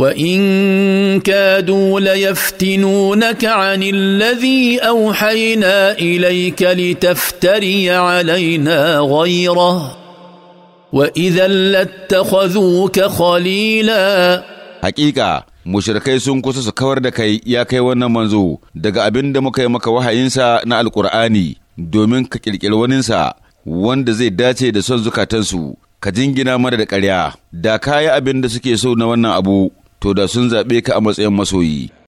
وان كادوا ليفتنونك عن الذي اوحينا اليك لتفتري علينا غيره واذا لاتخذوك خليلا حقيقه mushrikai sun kusa su kawar da kai ya kai wannan manzo daga abin da muka yi maka wahayinsa na alkur'ani domin ka ƙirƙiri waninsa wanda zai dace da son zukatansu ka jingina mana da ƙarya da kayi abin da suke so na wannan abu to da sun zaɓe ka a matsayin masoyi.